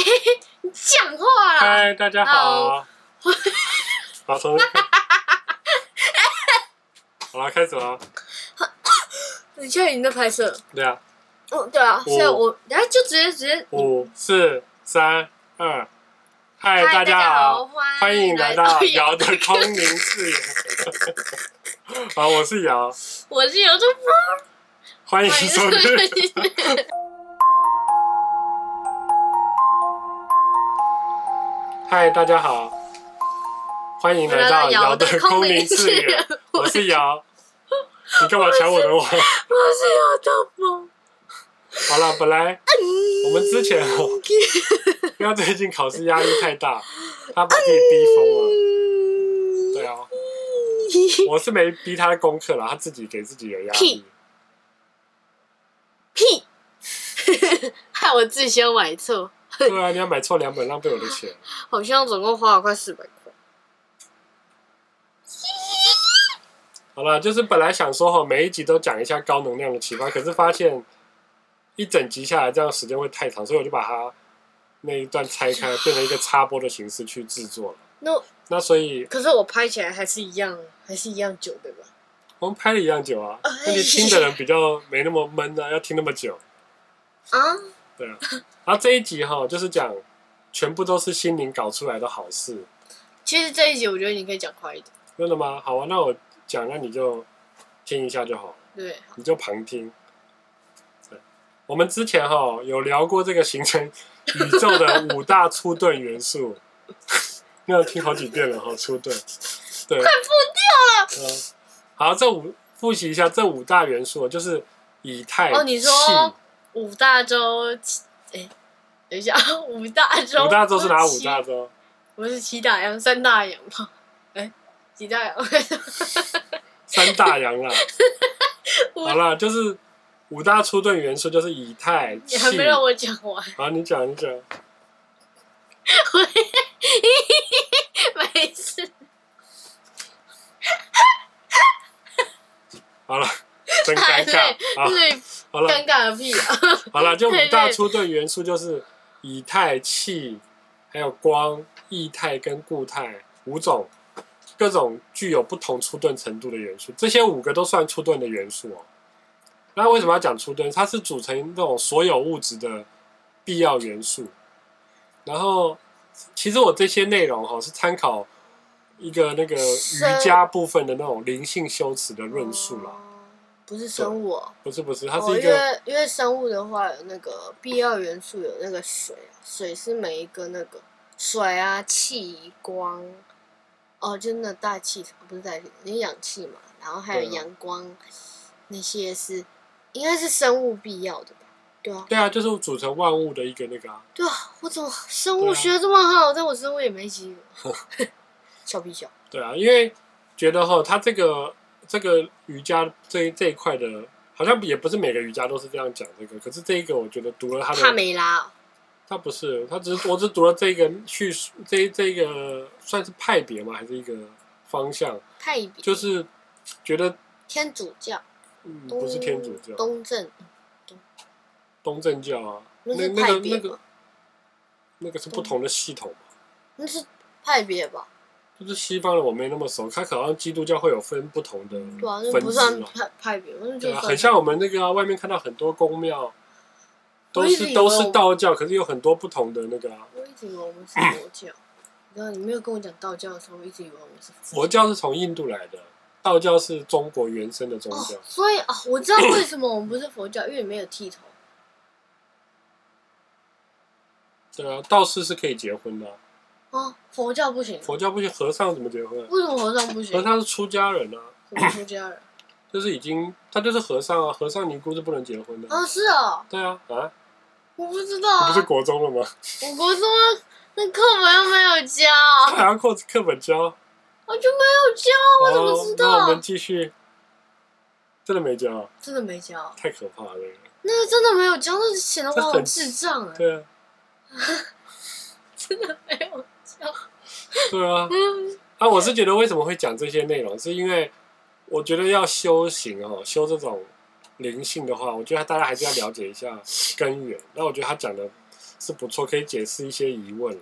你講話了！嗨，大家好，老頭，好了，開始啊！ 你現在已經在拍攝了，對啊，嗯、oh,，對啊，所以、啊、我然後就直接直接，五四三二，嗨，大家好，歡迎來到 Yao 的聰明視野， 好，我是 Yao，我是 Yao 湯包，歡迎收視。嗨，大家好，歡迎來到瑤的空靈次元，我是瑤，你幹嘛搶我的我？我是姚，大寶。好了，本來、嗯、我們之前哈，因、嗯、為最近考試壓力太大，他把自己逼瘋了、嗯。對啊，我是沒逼他功課了，他自己給自己的壓力。屁，害 我自先買錯。對啊，你要買錯兩本，浪費我的錢。好像總共花了快四百塊。好了，就是本來想說哈，每一集都講一下高能量的啟發，可是發現一整集下來，這樣時間會太長，所以我就把它那一段拆開，變成一個插播的形式去制作了。那、no, 那所以，可是我拍起來還是一樣，還是一樣久，對吧？我們拍了一樣久啊，那你聽的人比較沒那麼悶啊，要聽那麼久啊。對啊，然、啊、後，這一集哈，就是講全部都是心靈搞出來的好事。其實這一集我覺得你可以講快一點。真的嗎？好啊，那我講，那你就聽一下就好對。好，你就旁聽。我們之前哈有聊過這個形成宇宙的五大粗鈍元素，那 要 聽好幾遍了哈。粗鈍，對，快瘋掉了。啊、好、啊，這五複習一下這五大元素，就是以太哦、氣，啊五大洲，哎、欸，等一下，五大洲，五大洲是哪五大洲？我是七大洋、三大洋嗎？哎、欸，七大洋，三大洋了、啊。 好啦，就是五大初等元素就是以太。你還沒讓我講完。好，你講一講。 沒事。好了，真尷尬啊！尷尬的屁、啊、 好了，就五大粗鈍元素就是以太氣，還有光、液態跟固態五種，各種具有不同粗鈍程度的元素，這些五個都算粗鈍的元素哦、喔。那為什麼要講粗鈍、嗯？它是組成那種所有物質的必要元素。然後，其實我這些內容哈、喔、是參考一個那個瑜伽部分的那種靈性修持的論述了。不是生物、喔，不是不是，它是一個、喔、因為因為生物的話有那個必要元素，有那個水、啊，水是每一個那個水啊氣光，哦、喔，就那大氣層不是大氣，你氧氣嘛，然後還有陽光、啊，那些是應該是生物必要的吧？對啊，對啊，就是組成萬物的一個那個啊。對啊，我怎麼生物學這麼好，但、啊、我生物也沒及格。笑屁笑。對啊，因為覺得哈，他這個。這個瑜伽這這一塊的，好像也不是每個瑜伽都是這樣講這個。可是這一個，我覺得讀了他的。帕梅拉、哦，他不是，他只是我只讀了這個敘述，這這個算是派別嗎？還是一個方向？派別就是覺得天主教，嗯，不是天主教，東正、嗯、東，東正教啊，那那，那，那個那個那個是不同的系統，那是派別吧？就是西方的我沒那麼熟，他可能基督教會有分不同的分支嘛。對啊，那不算派派別，反、啊、很像我們那個、啊、外面看到很多宮廟，都是都是道教，可是有很多不同的那個啊。我一直以為我們是佛教， 你知道你沒有跟我講道教的時候，我一直以為我們是佛教，佛教是從印度來的，道教是中國原生的宗教。哦、所以啊、哦，我知道為什麼我們不是佛教， 因為你沒有剃頭。對啊，道士是可以結婚的。哦，佛教不行，佛教不行，和尚怎麼結婚、啊？為什麼和尚不行？和尚是出家人呢、啊？出家人？就是已經，他就是和尚啊，和尚尼姑是不能結婚的。哦、啊，是啊。對啊，啊！我不知道。你不是國中了嗎？我國中那課本又沒有教。還 要課本教？我、啊、就沒有教，我怎麼知道、哦？那我們繼續。真的沒教？真的沒教？太可怕了。那個那個、真的沒有教，那個、顯得我好智障啊、欸！對啊。 真的沒有。 對啊，那我是覺得為什麼會講這些內容，是因為我覺得要修行哦，修這種靈性的話，我覺得大家還是要了解一下根源。那我覺得他講的是不錯，可以解釋一些疑問。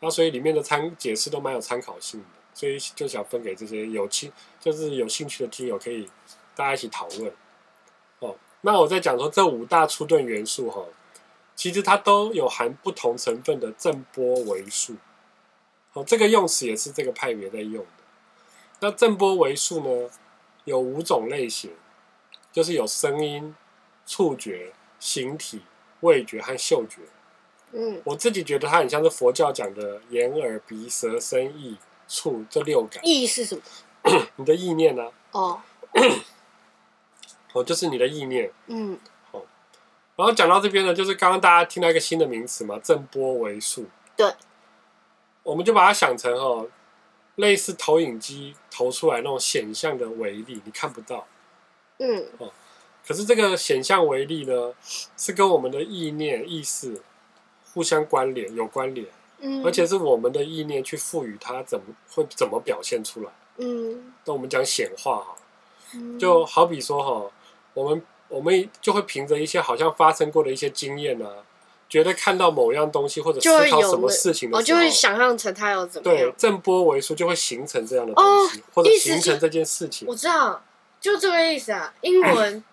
那所以裡面的參解釋都蠻有參考性的，所以就想分給這些有興就是有興趣的聽友可以大家一起討論。哦，那我在講說，這五大初頓元素哈，其實它都有含不同成分的正波維數。哦，這個用詞也是這個派別在用的。那正波維數呢，有五種類型，就是有聲音、觸覺、形體、味覺和嗅覺。嗯，我自己覺得它很像是佛教講的眼、耳、鼻、舌、身、意、觸這六感。意是什麼？你的意念呢、啊？哦，哦，就是你的意念。嗯。然後講到這邊呢，就是剛剛大家聽到一個新的名詞嘛，正波維數。對。我們就把它想成哦，類似投影機投出來那種顯像的威力，你看不到，嗯，哦，可是這個顯像威力呢，是跟我們的意念意識互相關聯，有關聯，嗯，而且是我們的意念去賦予它，怎麼會怎麼表現出來，嗯，那我們講顯化哈、哦，就好比說哈、哦，我們我們就會憑着一些好像發生過的一些經驗呢、啊。覺得看到某樣東西或者思考什麼事情的時候，我就，、哦、就會想象成它要怎麼樣。對，正波為書就會形成這樣的東西，哦、或者形成這件事情。我知道，就這個意思啊。英文，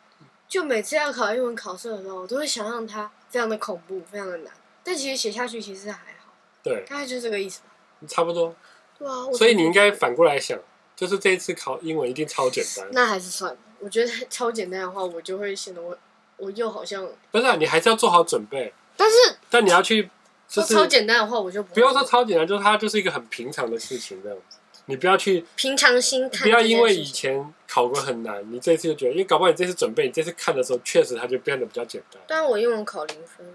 就每次要考英文考試的時候，我都會想象它非常的恐怖，非常的難。但其實寫下去其實還好。對，大概就這個意思吧。差不多。對啊，所以你應該反過來想，就是這一次考英文一定超簡單。那還是算了。我覺得超簡單的話，我就會顯得我我又好像不是啊，你還是要做好準備。但是，但你要去，就是，說超簡單的話，我就不要說超簡單，就是它就是一個很平常的事情這樣，你不要去平常心看，不要因為以前考過很難，你這次就覺得，因為搞不好你這次準備，你這次看的時候確實它就變得比較簡單。但我英文考零分，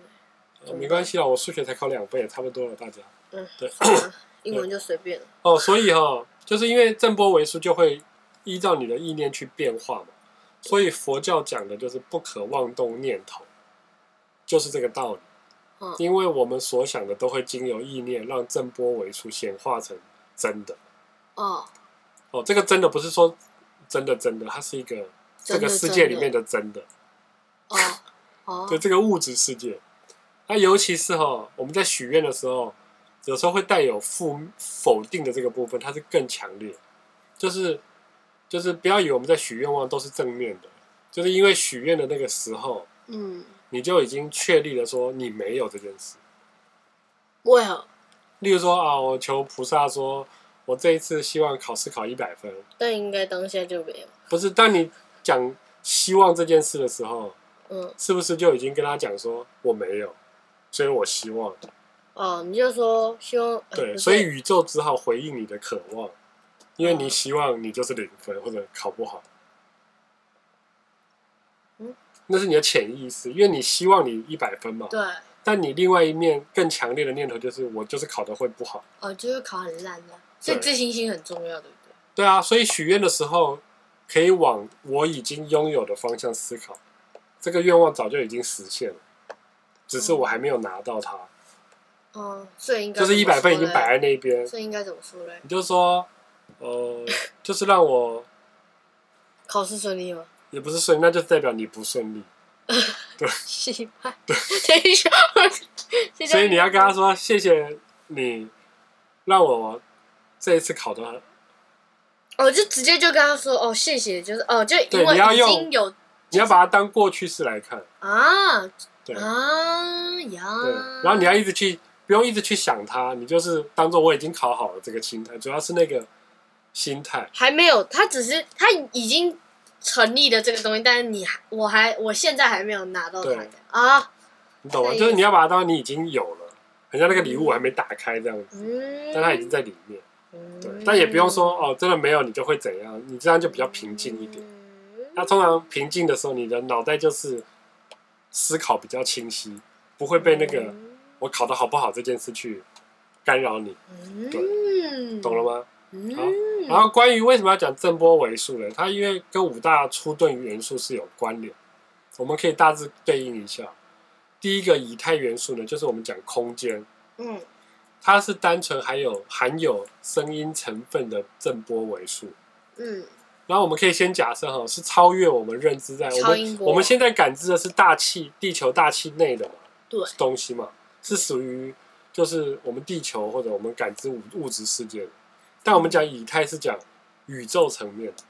哦、沒關係啊，我數學才考兩倍，差不多了，大家。嗯，對， 英文就隨便哦，所以哈，哦，就是因為正波維數就會依照你的意念去變化嘛，所以佛教講的就是不可妄動念頭，就是這個道理。因為我們所想的都會經由意念，讓正波為出顯化成真的、oh. 哦，這個真的不是說真的真的，它是一個這個世界裡面的真的哦、oh. oh. 就這個物質世界。那、啊、尤其是、哦、我們在許願的時候，有時候會帶有負否定的這個部分，它是更強烈。就是就是不要以為我們在許願望都是正面的，就是因為許願的那個時候，嗯。你就已經確立了，說你沒有這件事。為什麼？例如說啊，我求菩薩說，我這一次希望考試考一百分。但應該當下就沒有。不是？當你講希望這件事的時候，嗯，是不是就已經跟他講說我沒有，所以我希望？哦、啊，你就說希望。對、嗯，所以宇宙只好回應你的渴望，因為你希望你就是零分或者考不好，那是你的潛意識，因為你希望你一百分嘛。對。但你另外一面更強烈的念頭就是，我就是考的會不好。哦，就是考很爛的、啊。所以自信心很重要，對不對？對啊，所以許願的時候，可以往我已經擁有的方向思考。這個願望早就已經實現了，只是我還沒有拿到它。哦、嗯，所以應該就是一百分已經擺在那邊。嗯嗯、所以應該怎麼說嘞？你就是說，呃， 就是讓我考試順利嗎？也不是順，那就代表你不順利、呃。對，對，等一下。所以你要跟他說：“謝謝你，讓我這一次考的。”哦，就直接就跟他說：“哦，謝謝，就是哦，就因為已經有你要用，、就是、你要把它當過去式來看啊。對啊”對啊對，然後你要一直去，不用一直去想它，你就是當做我已經考好了這個心態，主要是那個心態還沒有，他只是他已經。成立的這個東西，但是你還，我還，我現在還沒有拿到它啊！你懂嗎？就是你要把它當成你已經有了，人家那個禮物我還沒打開這樣子，mm -hmm. 但它已經在裡面。對，mm -hmm. 但也不用說哦，真的沒有你就會怎樣，你這樣就比較平靜一點。Mm -hmm. 那通常平靜的時候，你的腦袋就是思考比較清晰，不會被那個我考得好不好這件事去干擾你。對 mm -hmm. 懂了嗎？好，然後關於為什麼要講振波維數呢？它因為跟五大初頓元素是有關聯，我們可以大致對應一下。第一個以太元素呢，就是我們講空間，嗯，它是單純含有含有聲音成分的振波維數，嗯。然後我們可以先假設哈，是超越我們認知在，在我們我們現在感知的是大氣、地球大氣內的嘛，對，東西嘛，是屬於就是我們地球或者我們感知物物質世界的。但我們講以太是講宇宙層面、嗯，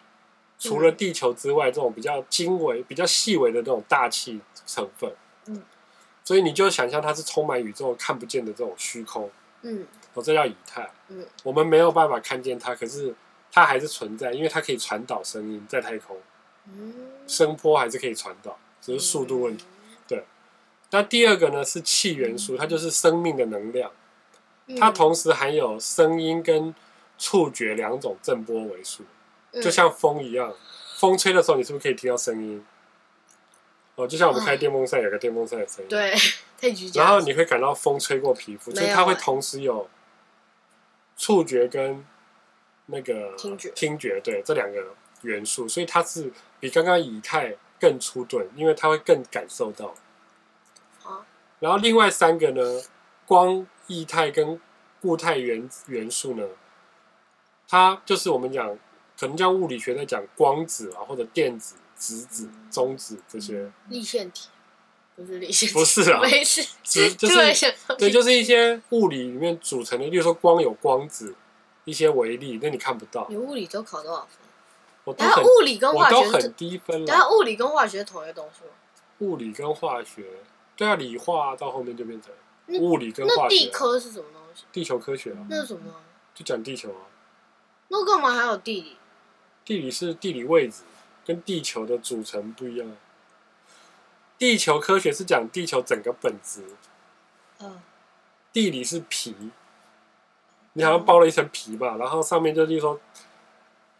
除了地球之外，這種比較精微、比較細微的這種大氣成分、嗯。所以你就想象它是充滿宇宙看不見的這種虛空。嗯，我、哦、這叫以太。嗯，我們沒有辦法看見它，可是它還是存在，因為它可以傳導聲音，在太空，聲、嗯、波還是可以傳導，只、就是速度問題、嗯。對。那第二個呢是氣元素、嗯，它就是生命的能量，嗯、它同時含有聲音跟。觸覺兩種震波元素，嗯，就像風一樣，風吹的時候，你是不是可以聽到聲音？哦，就像我們開電風扇，嗯，有個電風扇的聲音。對，太然後你會感到風吹過皮膚，所以它會同時有觸覺跟那個聽覺，聽覺對，這兩個元素，所以它是比剛剛以太更粗鈍，因為它會更感受到、哦。然後另外三個呢，光、液態跟固態元元素呢。它就是我們講，可能叫物理學在講光子啊，或者電子、質子、中子這些。立線體不是立線體，不是啊，沒事、就是 對。對，就是一些物理裡面組成的，例如說光有光子一些微粒，那你看不到。你物理都考多少分？我都很物理跟化學都很低分了。然後物理跟化學同一個東西？物理跟化學，對啊，理化到後面就變成物理跟化學。那,那地科是什麼東西？地球科學啊。那是什麼？就講地球啊。那個嘛，還有地理，地理是地理位置，跟地球的組成不一樣。地球科學是講地球整個本質，嗯，地理是皮，你好像包了一層皮吧，嗯，然後上面就，就是說，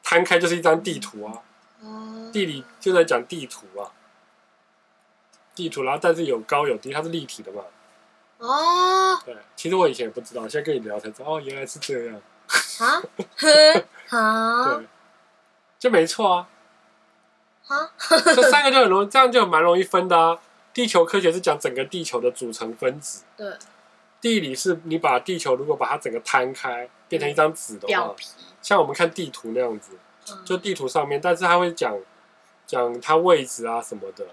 攤開就是一張地圖啊，哦，嗯，地理就在講地圖啊，地圖，然後但是有高有低，它是立體的嘛，哦，嗯，對，其實我以前也不知道，現在跟你聊才知道，哦，原來是這樣。啊，好，對，就沒錯啊。這 三個就很容易，這樣就蠻容易分的啊。地球科學是講整個地球的組成分子，對。地理是你把地球如果把它整個攤開、嗯、變成一張紙的話，像我們看地圖那樣子，就地圖上面，嗯、但是它會講講它位置啊什麼的。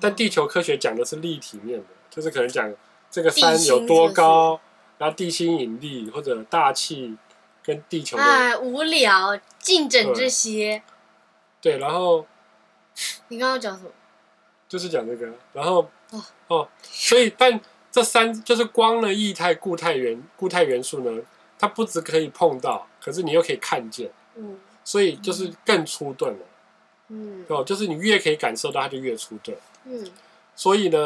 但地球科學講的是立體面的，就是可能講這個山有多高，就是、然後地心引力或者大氣。跟地球哎，無聊，盡整這些、嗯。對，然後。你剛剛講什麼？就是講這個，然後。哦。哦，所以，但這三就是光的液態、固態元、固態元素呢，它不只可以碰到，可是你又可以看見。嗯。所以就是更粗鈍了。嗯。哦、嗯，就是你越可以感受到，它就越粗鈍。嗯。所以呢，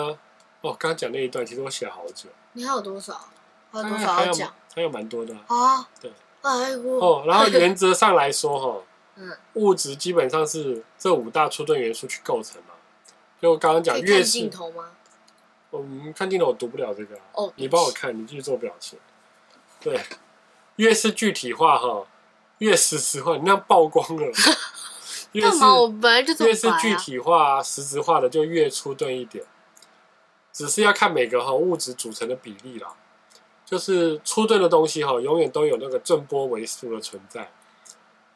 哦，剛剛講那一段，其實我寫了好久。你還有多少？還有多少要講？哎、還有，還有蠻多的。啊。對。哎、哦，然後原則上來說，哈， 物質基本上是這五大初頓元素去構成嘛、啊。就我剛剛講越是，看鏡頭嗎？我、嗯、看鏡頭，我讀不了這個、啊。Oh, 你幫我看，你繼續做表情。對，越是具體化，哈，越實質化。你那曝光了。幹 越是 嘛？我本來就、啊、越是具體化、實質化的，就越初頓一點。只是要看每個和、哦、物質組成的比例了。就是粗鈍的東西哈，永遠都有那個振波維數的存在。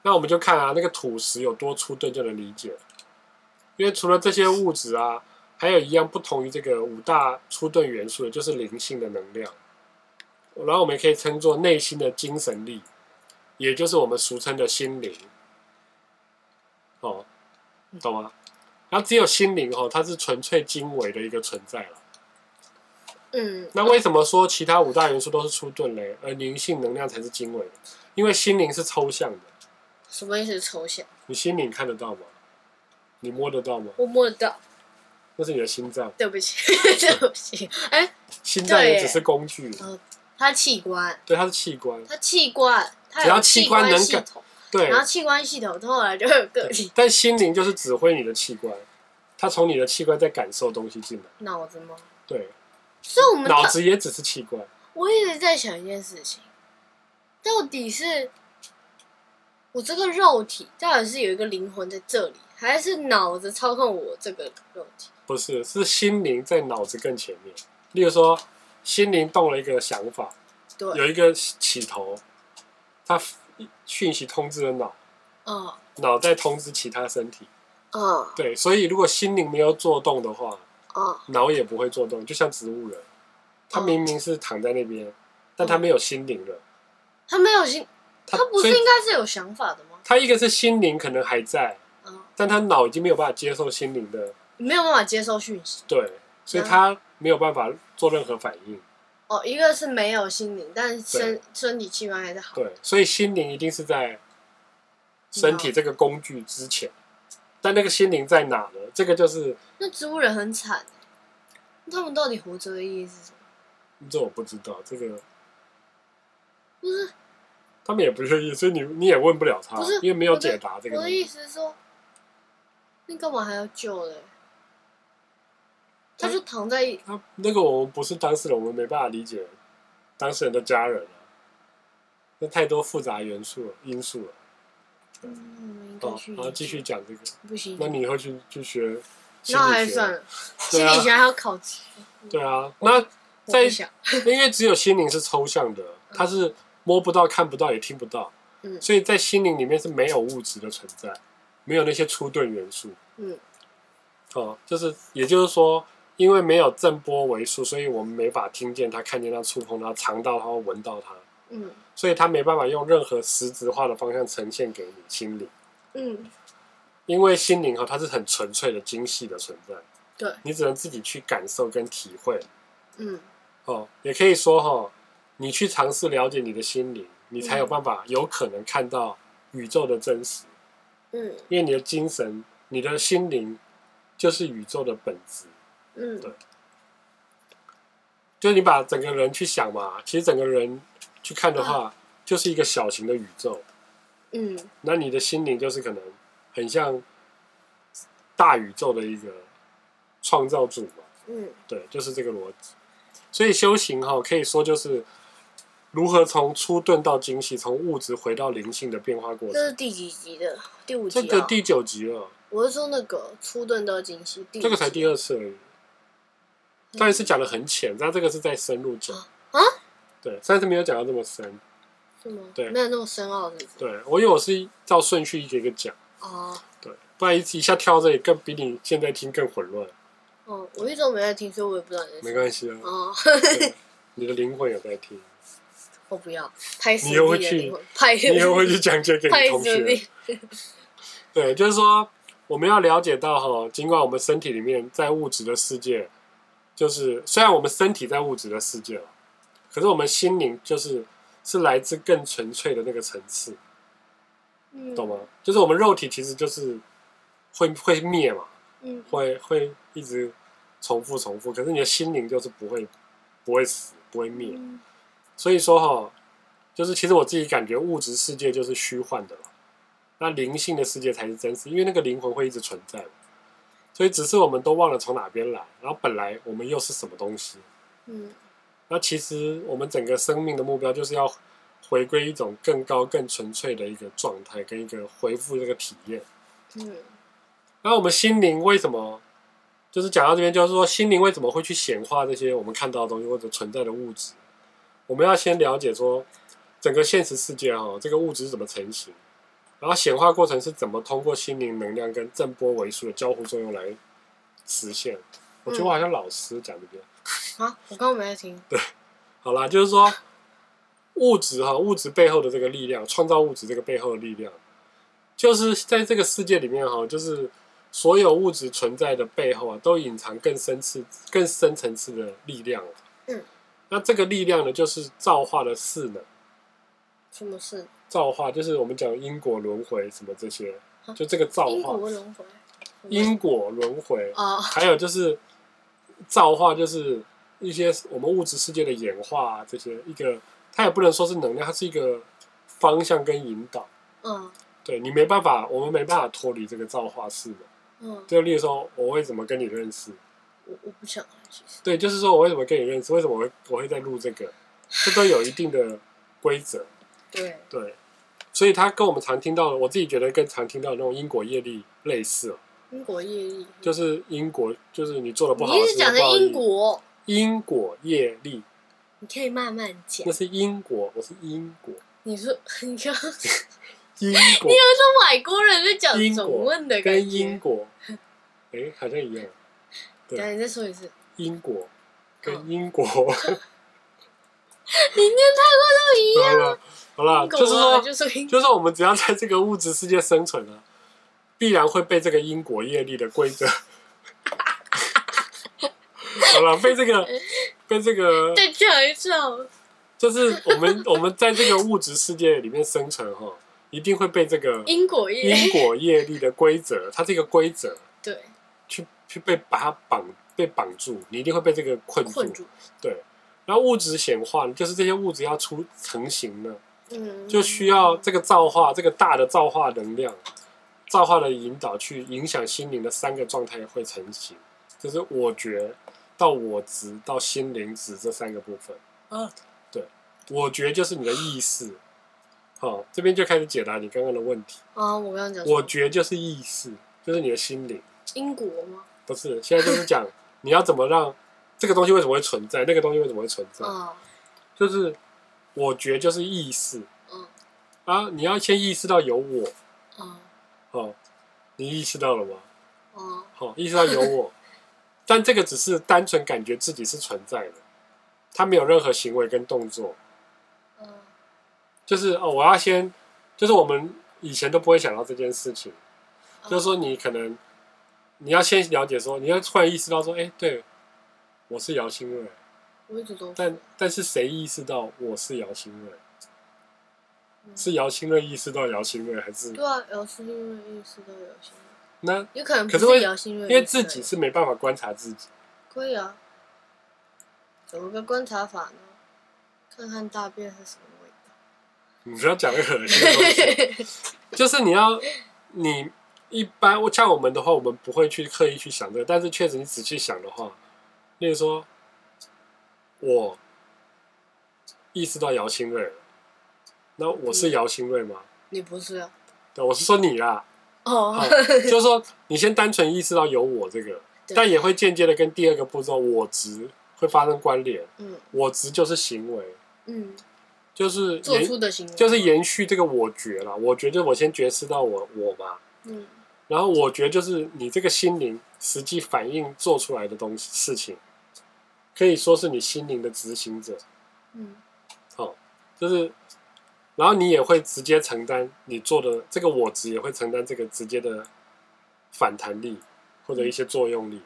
那我們就看啊，那個土石有多粗鈍，就能理解。因為除了這些物質啊，還有一樣不同於這個五大粗鈍元素的，就是靈性的能量。然後我們也可以稱作內心的精神力，也就是我們俗稱的心靈。哦，懂嗎？然後只有心靈哦，它是純粹精微的一個存在了。嗯，那為什麼說其他五大元素都是出盾嘞、嗯？而靈性能量才是精微？因為心靈是抽象的。什麼意思是抽象？你心靈看得到嗎？你摸得到嗎？我摸得到。那是你的心臟。對不起， 對不起。哎、欸，心臟也只是工具。嗯、呃，它是器官。對，它是器官。它器官，只要器，器官能感，對，然後器官系統，它後來就有個性。但心靈就是指揮你的器官，它從你的器官在感受東西進來。腦子嗎？對。所以我們腦子也只是器官。我一直在想一件事情，到底是我這個肉體到底是有一個靈魂在這裡，還是腦子操控我這個肉體？不是，是心靈在腦子更前面。例如說，心靈動了一個想法，對，有一個起頭，它訊息通知了腦，oh. 腦再通知其他身體，嗯、oh.，對。所以如果心靈沒有做動的話。Oh. 腦也不會做動，就像植物人。他明明是躺在那邊，oh. 但他沒有心靈了。他沒有心，他不是應該是有想法的嗎？他一個是心靈可能還在，oh. 但他腦已經沒有辦法接受心靈的，沒有辦法接受訊息，對，所以他沒有辦法做任何反應。哦、oh，一個是沒有心靈，但身身體器官還是好，對，所以心靈一定是在身體這個工具之前。但那個心靈在哪呢？這個就是。那植物人很慘、欸，他們到底活着的意義是什麼？這我不知道，這個不是。他們也不願意，所以你你也問不了他不，因為沒有解答這個我。我的意思是說，那幹嘛還要救嘞、欸欸？他就躺在、啊……那個我們不是當事人，我們沒辦法理解當事人的家人那、啊、太多複雜元素了因素了。嗯。好、哦，繼續講這個。不行，那你以後去去學心理學算了，心理學還要考級。對啊，那在因為只有心靈是抽象的，它是摸不到、看不到、也聽不到，所以在心靈裡面是沒有物質的存在，沒有那些初頓元素，嗯，哦，就是也就是說，因為沒有振波維數，所以我們沒法聽見它，看見它，觸碰到、嘗到、它，聞到它，嗯，所以他沒辦法用任何實質化的方向呈現給你心靈。嗯，因為心靈哈，它是很純粹的、精細的存在。對，你只能自己去感受跟體會。嗯，哦，也可以說哈、哦，你去嘗試了解你的心靈，你才有辦法有可能看到宇宙的真實。嗯，因為你的精神、你的心靈就是宇宙的本質。嗯，對，就你把整個人去想嘛，其實整個人去看的話，啊、就是一個小型的宇宙。嗯，那你的心靈就是可能很像大宇宙的一個創造主嘛？嗯，對，就是這個邏輯。所以修行哈，可以說就是如何從初頓到精細，從物質回到靈性的變化過程。這是第幾集的？第五集的，喔、這個第九集了，喔。我是說那個初頓到精細，這個才第二次而已。上一次講的很淺，嗯，但這個是在深入講啊？對，上次沒有講到這麼深。對，沒有那麼深奧的。對，我因為我是照順序一個一個講。哦、oh.。對，不然一一下跳這裡更比你現在聽更混亂。哦、oh,，我一直都沒在聽，所以我也不知道你在講。沒關係啊。哦、oh.。 你的靈魂有在聽。我、oh, 不要，拍你！你又會去，你又會去講 解給你同學。 拍 CD  對，就是說我們要了解到哈，儘管我們身體裡面在物質的世界，就是雖然我們身體在物質的世界，可是我們心靈就是。是來自更純粹的那個層次、嗯，懂嗎？就是我們肉體其實就是會會滅嘛，嗯、會會一直重複重複。可是你的心靈就是不會不會死不會滅、嗯，所以說哈，就是其實我自己感覺物質世界就是虛幻的嘛，那靈性的世界才是真實，因為那個靈魂會一直存在。所以只是我們都忘了從哪邊來，然後本來我們又是什麼東西？嗯。那其實我們整個生命的目標就是要回歸一種更高、更純粹的一個狀態，跟一個回復這個體驗。對、嗯，那我們心靈為什麼？就是講到這邊，就是說心靈為什麼會去顯化這些我們看到的東西或者存在的物質？我們要先了解說，整個現實世界哦，這個物質是怎麼成型？然後顯化過程是怎麼通過心靈能量跟振波維數的交互作用來實現？我覺得我好像老師講這邊。嗯啊！我剛剛沒在聽。對，好啦，就是說物質哈，物質、啊、背後的這個力量，創造物質這個背後的力量，就是在這個世界裡面哈、啊，就是所有物質存在的背後啊，都隱藏更深層次、更深層次的力量、啊。嗯，那這個力量呢，就是造化的勢能。什麼是造化？就是我們講因果輪回什麼這些，就這個造化。因果輪回。因果輪回啊，還有就是。啊造化就是一些我們物質世界的演化，啊，這些一個它也不能說是能量，它是一個方向跟引導。嗯，對你沒辦法，我們沒辦法脫離這個造化式的。嗯，就例如說，我為什麼跟你認識？我我不想，其實。對，就是說我為什麼跟你認識？為什麼我會我會在錄這個？這都有一定的規則。 對對，所以它跟我們常聽到的，我自己覺得跟常聽到的那種因果業力類似。因果業力就是因果，就是你做的不好的。你一直講的英國，因果業力，你可以慢慢講。那是英國，我是因果。你說你，英國 你有，你有說外國人在講英文的感覺，英國跟因果哎、欸，好像一樣。對，你再說一次，英國跟因果， 你念太多都一樣、啊啊、 好啦，好啦、啊，就是說，就是說，就是我們只要在這個物質世界生存啊。必然會被這個因果業力的規則， 好了，被這個，被這個，對，就好一次就是我們我們在這個物質世界裡面生存哈，一定會被這個因果業因果業力的規則，它這個規則，對，去去被把它綁被綁住，你一定會被這個困住。困住對，然後物質顯化，就是這些物質要出成型呢，嗯，就需要這個造化，這個大的造化能量。造化的引導去影響心靈的三個狀態會成型，就是我覺到我執到心靈執這三個部分啊。對，我覺就是你的意識。好，這邊就開始解答你剛剛的問題啊。我剛講，我覺就是意識就是你的心靈。因果嗎？不是，現在就是講你要怎麼讓這個東西為什麼會存在，那個東西為什麼會存在。就是我覺就是意識。啊，你要先意識到有我。Oh, 你意識到了嗎？哦，好，意識到有我， 但這個只是單純感覺自己是存在的，他沒有任何行為跟動作。Oh. 就是哦，oh, 我要先，就是我們以前都不會想到這件事情，oh. 就是說你可能你要先了解說，說你要突然意識到說，說哎，對，我是姚新瑞。我一直都。但但是誰意識到我是姚新瑞？是姚新瑞意識到姚新瑞，還是？對啊，姚新瑞意識到姚新瑞，那有可能。可是會姚新瑞，因為自己是沒辦法觀察自己。可以啊，怎麼個觀察法呢？看看大便是什麼味道。你不要講、那個噁心的東西， 就是你要你一般我像我們的話，我們不會去刻意去想這個，但是確實你仔細想的話，例如說，我意識到姚新瑞。那我是姚新瑞嗎？嗯、你不是、啊，對，我是說你啦。哦，哦 就是說你先單純意識到有我這個，但也會間接的跟第二個步驟我執會發生關聯。嗯、我執就是行為，嗯、就是就是延續這個我覺了。我覺就我先覺知到我我嘛、嗯，然後我覺就是你這個心靈實際反應做出來的東西事情，可以說是你心靈的執行者。嗯，好、哦，就是。然後你也會直接承擔你做的這個我值，也會承擔這個直接的反彈力，或者一些作用力，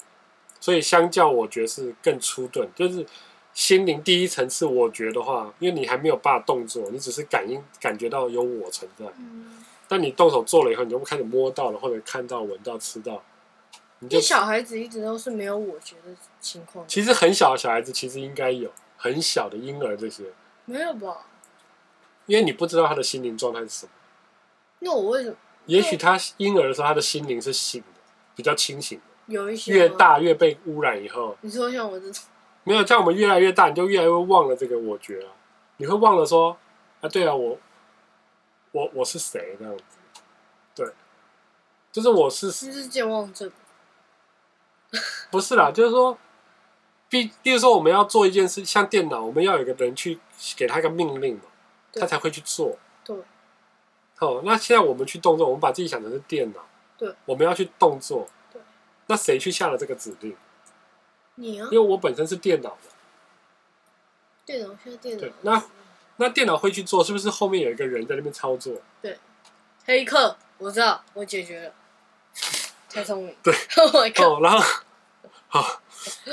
所以相較我覺得是更粗鈍，就是心靈第一層次。我覺得的話，因為你還沒有辦法動作，你只是感應感覺到有我存在。嗯。但你動手做了以後，你就會開始摸到了，或者看到、聞到、吃到。你小孩子一直都是沒有我覺得情況？其實很小的小孩子其實應該有，很小的嬰兒這些。沒有吧。因為你不知道他的心靈狀態是什麼。那我為什麼？也許他嬰兒的時候，他的心靈是醒的，比較清醒的。有一些越大越被污染以後。你說像我這種？沒有，像我們越來越大，你就越來越忘了這個我覺得。你會忘了說啊，對啊，我我我是誰這樣子？對，就是我是。是不是健忘症？不是啦，就是說，比例如說，我們要做一件事，像電腦，我們要有個人去給他一個命令嘛。他才會去做對。對。哦，那現在我們去動作，我們把自己想成是電腦。對。我們要去動作。對。那誰去下了這個指令？你啊。因為我本身是電腦的。電腦需要電腦。對。那、嗯、那電腦會去做，是不是後面有一個人在那邊操作？對。黑客，我知道，我解決了。太聰明。對。哦、oh，然後 好，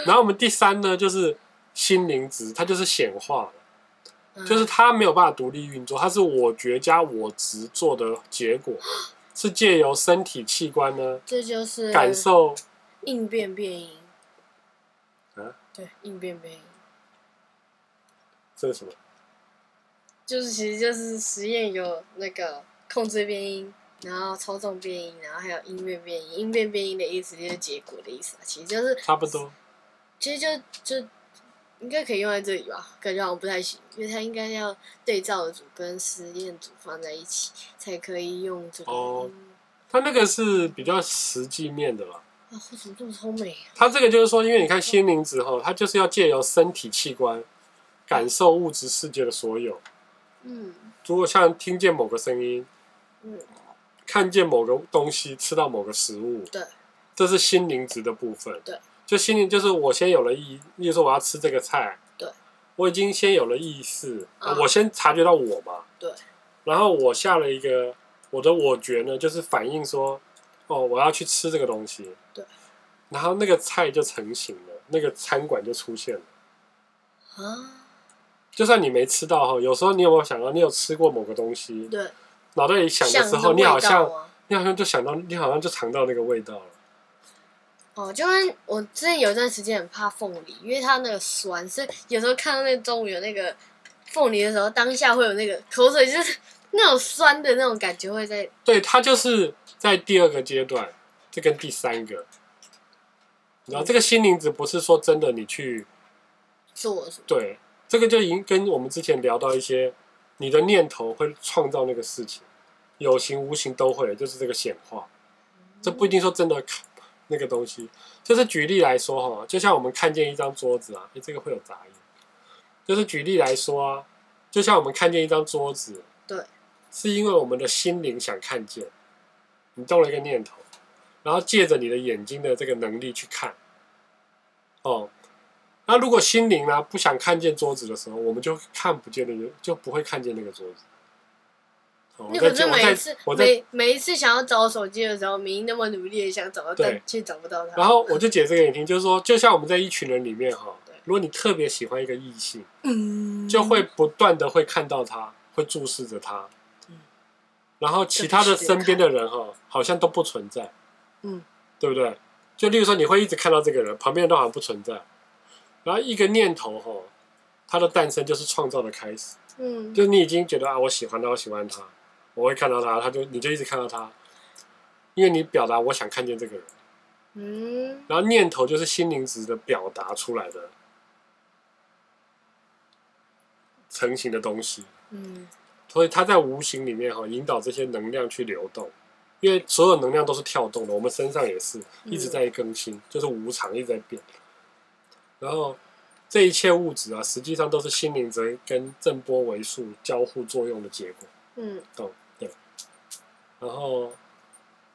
然後我們第三呢，就是心靈值，它就是顯化了。就是它沒有辦法獨立運作，它是我覺加我執做的結果，是借由身體器官呢，這就是感受應變變音，變變音啊，對，應變變音這是什麼？就是其實就是實驗有那個控制變音，然後操縱變音，然後還有音變變音，音變變音的意思就是結果的意思、啊，其實就是差不多，其實就就。應該可以用在這裡吧，感覺好像不太行，因為它應該要對照的組跟實驗組放在一起才可以用這個。哦，它那個是比較實際面的啦啊，我怎麼這麼聰明、啊！它這個就是說，因為你看心靈值，它就是要借由身體器官感受物質世界的所有。嗯。如果像聽見某個聲音，嗯，看見某個東西，吃到某個食物，對，這是心靈值的部分。對。就心裡就是我先有了意，意思說我要吃這個菜，對，我已經先有了意識，啊、我先察覺到我嘛，對，然後我下了一個我的我覺呢，就是反應說，哦，我要去吃這個東西，對，然後那個菜就成型了，那個餐館就出現了，啊，就算你沒吃到哈，有時候你有沒有想到你有吃過某個東西，對，腦袋裡想的時候，啊、你好像你好像就想到，你好像就嘗到那個味道了。哦，就是我之前有一段時間很怕鳳梨，因為它那個酸，所以有時候看到那中午有那個鳳梨的時候，當下會有那個口水，就是那種酸的那種感覺會在。對，它就是在第二個階段，這跟、個、第三個，然後這個心靈子不是說真的，你去做，做，對，這個就已經跟我們之前聊到一些，你的念頭會創造那個事情，有形無形都會，就是這個顯化、嗯，這不一定說真的。那個東西，就是舉例來說哈，就像我們看見一張桌子啊，哎，這個會有雜音。就是舉例來說啊，就像我們看見一張桌子，對，是因為我們的心靈想看見，你動了一個念頭，然後借着你的眼睛的這個能力去看。哦，那如果心靈呢、啊、不想看見桌子的時候，我們就看不見那個，就不會看見那個桌子。哦、你可是每一次，我我每我每一次想要找手機的時候，明明那麼努力的想找到但，但卻找不到他。然後我就解釋給你聽，就是說，就像我們在一群人裡面哈、哦，如果你特別喜歡一個異性，嗯，就會不斷的會看到他，會注視着他，嗯、然後其他的身邊的人哈、哦，好像都不存在、嗯，對不對？就例如說，你會一直看到這個人，旁邊人都好像不存在，然後一個念頭哈、哦，它的誕生就是創造的開始，嗯，就你已經覺得啊，我喜歡他，我喜歡他。我會看到他，他就你就一直看到他，因為你表達我想看見這個人，嗯，然後念頭就是心靈值的表達出來的，成型的東西，嗯，所以他在無形裡面哈，引導這些能量去流動，因為所有能量都是跳動的，我們身上也是一直在更新，嗯、就是無常一直在變，然後這一切物質啊，實際上都是心靈值跟振波維數交互作用的結果，嗯，懂。然後，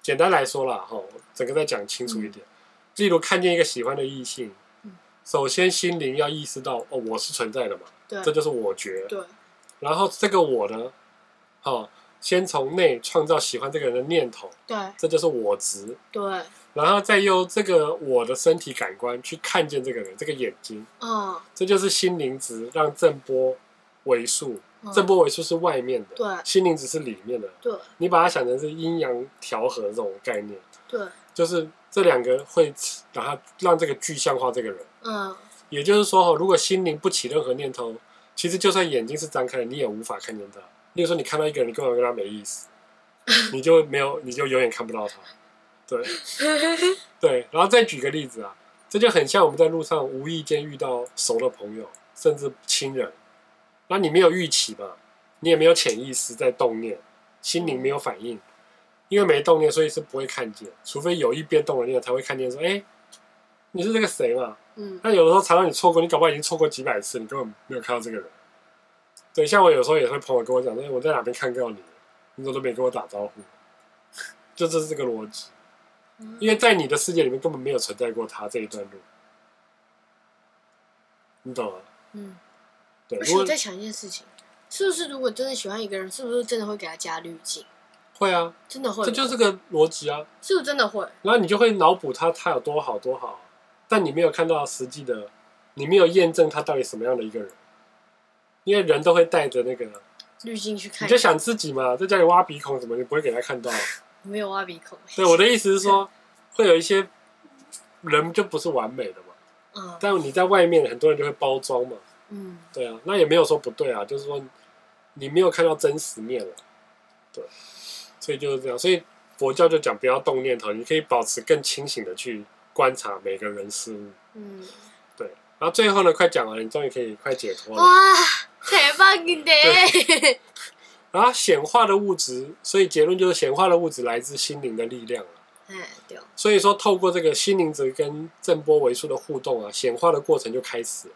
簡單來說啦哈，哦、整個再講清楚一點、嗯。例如看見一個喜歡的異性，嗯、首先心靈要意識到哦，我是存在的嘛，對。這就是我覺得。對。然後這個我呢、哦，先從內創造喜歡這個人的念頭。對。這就是我值。對。然後再用這個我的身體感官去看見這個人，這個眼睛。哦、這就是心靈值，讓振波為數。這波尾數是外面的，嗯、對，心靈只是裡面的。對，你把它想成是陰陽調和這種概念。對，就是這兩個會，然後讓這個具象化這個人。嗯，也就是說，如果心靈不起任何念頭，其實就算眼睛是張開的，你也無法看見他。例如說，你看到一個人，你根本跟他沒意思，你就沒有，你就永遠看不到他。對， 對。然後再舉個例子啊，這就很像我們在路上無意間遇到熟的朋友，甚至親人。那你沒有預期嘛？你也沒有潛意識在動念，心靈沒有反應，因為沒動念，所以是不會看見。除非有一邊動了念才會看見。說，哎，你是這個誰嘛？嗯，那有的時候常常你錯過，你搞不好已經錯過幾百次，你根本沒有看到這個人。對，像我有時候也會朋友跟我講，哎，我在哪邊看到你，你怎麼都沒跟我打招呼？ 就這是這個邏輯，因為在你的世界裡面根本沒有存在過他這一段路，你懂嗎？嗯。而且我在想一件事情，是不是如果真的喜歡一個人，是不是真的會給他加濾鏡？會啊，真的會，這就是個邏輯啊。是不是真的會？然後你就會腦補他他有多好多好，但你沒有看到實際的，你沒有驗證他到底什麼樣的一個人，因為人都會帶着那個濾鏡去看。你就想自己嘛，在家裡挖鼻孔怎麼？你不會給他看到？ 沒有挖鼻孔。對 我的意思是說，會有一些人就不是完美的嘛。嗯。但你在外面，很多人就會包裝嘛。嗯，對啊，那也沒有說不對啊，就是說你沒有看到真實面了、啊，對，所以就是這樣。所以佛教就講不要動念頭，你可以保持更清醒的去觀察每個人事物。嗯，對。然後最後呢，快講完、啊了，你終於可以快解脫了哇！太棒了， 對。然後顯化的物質，所以結論就是顯化的物質來自心靈的力量了。嗯，對。所以說，透過這個心靈值跟振波維數的互動啊，顯化的過程就開始了。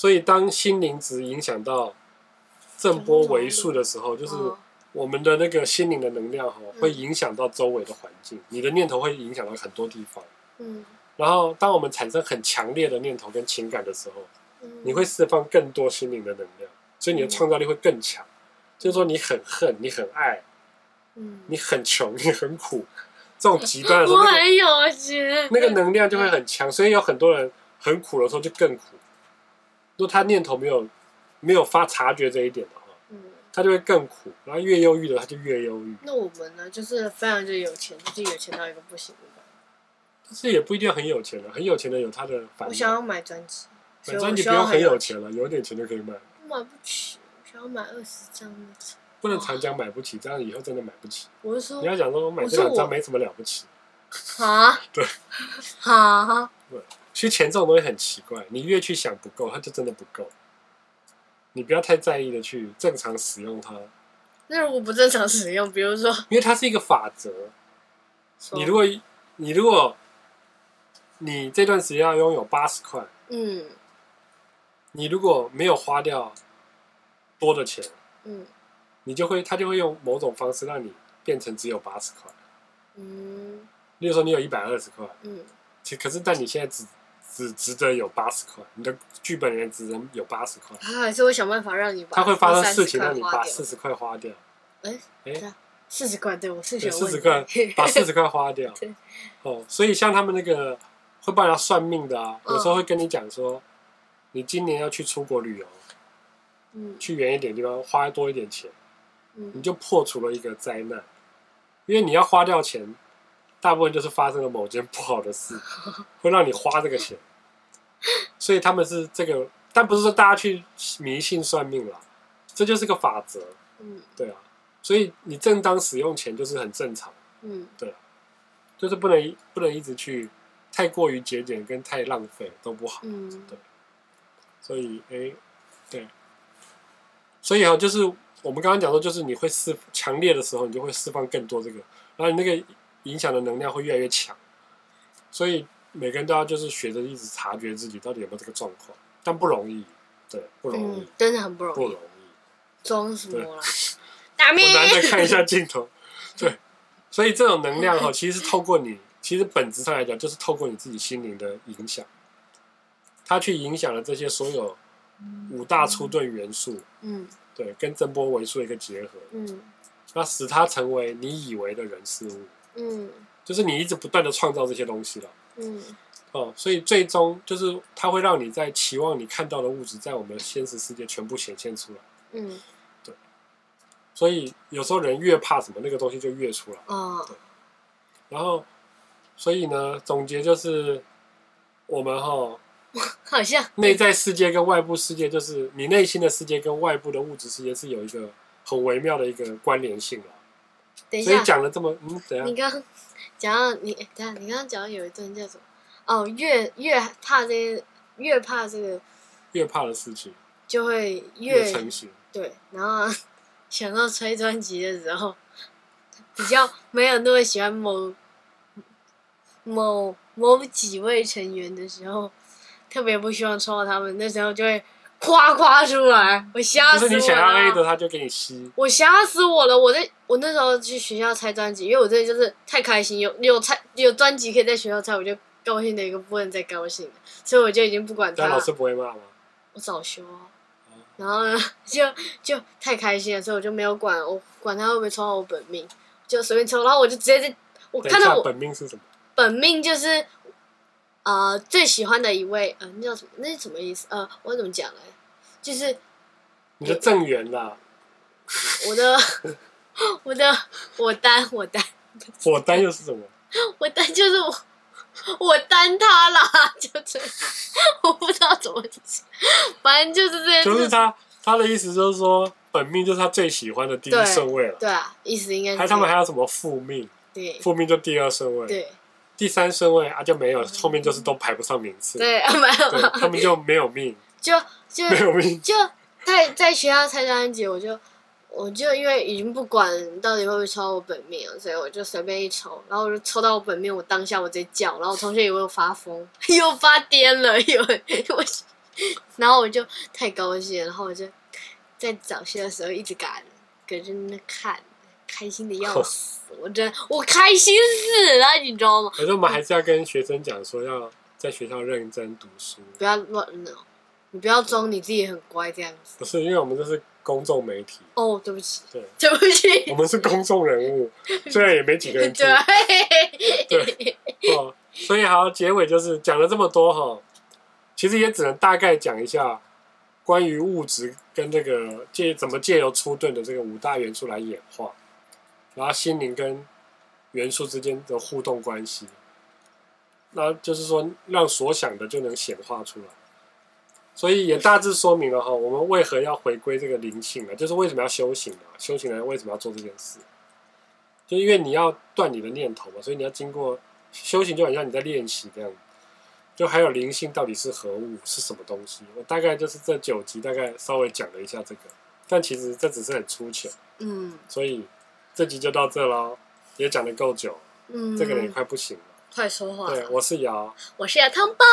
所以，當心靈值影響到振波維數的時候，就是我們的那個心靈的能量哈，會影響到周圍的環境。你的念頭會影響到很多地方。嗯。然後，當我們產生很強烈的念頭跟情感的時候，你會釋放更多心靈的能量，所以你的創造力會更強。嗯、就是說，你很恨，你很愛，嗯，你很窮，你很苦，這種極端的時候，那個、 那個、能量就會很強。所以，有很多人很苦的時候就更苦。如果他念頭沒有，沒有發察覺這一點的話，嗯，他就會更苦，然後越憂鬱的他就越憂鬱。那我們呢，就是非常就有錢，就是、有錢到一個不行的。但是也不一定很有錢的，很有錢的有他的反應。我想要買專輯，買專輯不用很有錢了，有點錢就可以買。我買不起，我想要買二十張。不能常講買不起，這樣以後真的買不起。我是說，你要講說我買這兩張沒什麼了不起。不 啊。對。好。 其實錢這種東西很奇怪，你越去想不夠，它就真的不夠。你不要太在意的去正常使用它。那如果不正常使用，比如說，因為它是一個法則，你如果你如果你這段時間要擁有八十塊，嗯，你如果沒有花掉多的錢，嗯，你就會，它就會用某種方式讓你變成只有八十塊，嗯。例如說你有一百二十塊，嗯，其，可是但你現在只只值得有八十塊，你的劇本也只能有八十塊。啊，所以我想辦法讓你把。他會發生事情，讓你把四十塊花掉。哎、欸、哎，四十塊對，我四十塊。四十塊，把四十塊花掉。 哦，所以像他們那個會幫人家算命的啊、哦，有時候會跟你講說，你今年要去出國旅遊，嗯，去遠一點地方，花多一點錢，嗯，你就破除了一個災難，因為你要花掉錢，大部分就是發生了某件不好的事， 會讓你花這個錢。 所以他們是這個，但不是說大家去迷信算命啦，這就是個法則。嗯，對啊。所以你正當使用錢就是很正常。嗯、對、啊。就是不能不能一直去太過於節儉跟太浪費都不好。嗯，對。所以誒，對。所以啊，就是我們剛剛講說，就是你會釋強烈的時候，你就會釋放更多這個，然後你那個影響的能量會越來越強。所以。每個人都要就是學着一直察覺自己到底有沒有這個狀況，但不容易，對，不容易，嗯、真的很不容易，不容易，裝什麼了？我難得看一下鏡頭， 對，所以這種能量哈，其實是透過你， 其實本質上來講，就是透過你自己心靈的影響，它去影響了這些所有五大初頓元素，嗯，對，跟振波維數的一個結合，嗯，那使它成為你以為的人事物，嗯，就是你一直不斷的創造這些東西了。嗯，哦，所以最終就是它會讓你在期望你看到的物質在我們現實世界全部顯現出來。嗯，對。所以有時候人越怕什麼，那個東西就越出來。哦，對。然後，所以呢，總結就是我們哈，好像內在世界跟外部世界，就是你內心的世界跟外部的物質世界是有一個很微妙的一個關聯性的。等一下，所以講了這麼，嗯，等一下，你剛講到你，等下你剛剛講到有一段叫什麼？哦，越越怕這些，越怕這個，越怕的事情，就會越成型。對，然後想到吹專輯的時候，比較沒有那麼喜歡某 某某，某幾位成員的時候，特別不希望抽到他們，那時候就會。誇誇出來，我嚇死我！就是、你想要 A 的他就給你吸，我嚇死我了！我那我那時候去學校拆專輯，因為我真的就是太開心，有有拆有專輯可以在學校拆，我就高興的一個不能再高興，所以我就已經不管他了。但老師不會罵嗎？我早修、嗯、然後呢，就就太開心了，所以我就沒有管我管他會不會抽到我本命，就隨便抽，然後我就直接在。我看到我本命是什麼？本命就是。呃，最喜歡的一位，嗯、呃，那叫什麼？那是什麼意思？呃，我怎麼講呢、欸？就是你的正緣啦。我的，我的，我單，我單，我單又是什麼？我單就是我，我單他啦。就這、是、我不知道怎麼解釋，反正就是這。就是他，他的意思就是說，本命就是他最喜歡的第一順位了對。對啊，意思應該是。還他，他們還有什麼複命？對，複命就第二順位。對。第三順位啊就沒有，後面就是都排不上名次。對，沒有。他們就沒有命。就就沒有命就。就在在學校菜單詞，我就我就因為已經不管到底會不會抽到我本命了，所以我就隨便一抽，然後我就抽到我本命，我當下我直接叫，然後我同學以為我發瘋，又發癲了，因為我，然後我就太高興，然後我就在早些的時候一直趕，跟着那看。開心的要死！Oh. 我真的我開心死了，你知道嗎？可是我們還是要跟學生講說要在學校認真讀書，不要亂鬧，no. 你不要裝你自己很乖這樣子。不是，因為我們這是公眾媒體。哦、oh，對不起。對，對不起。我們是公眾人物， 雖然也沒幾個人聽。對。對， 對。哦，所以好，結尾就是講了這麼多哈，其實也只能大概講一下關於物質跟這個借怎麼借由出盾的這個五大元素來演化。然後心靈跟元素之間的互動關係，那就是說，讓所想的就能顯化出來。所以也大致說明了哈，我們為何要回歸這個靈性呢？就是為什麼要修行啊？修行人為什麼要做這件事？就因為你要斷你的念頭嘛，所以你要經過修行，就很像你在練習這樣。就還有靈性到底是何物，是什麼東西？我大概就是這九集，大概稍微講了一下這個，但其實這只是很粗淺。嗯，所以。這集就到這嘍，也講得夠久，嗯，這個人也快不行了。快說話！對，我是瑤，我是瑤湯包，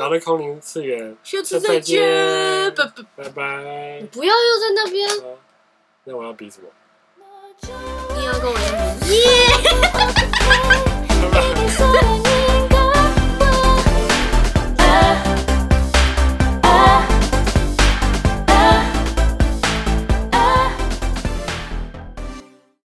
瑤的空靈次元，下次，下次再見，下次再見，拜拜。你不要又在那邊，啊，那我要比什麼？你要跟我要比耶！Yeah! 拜拜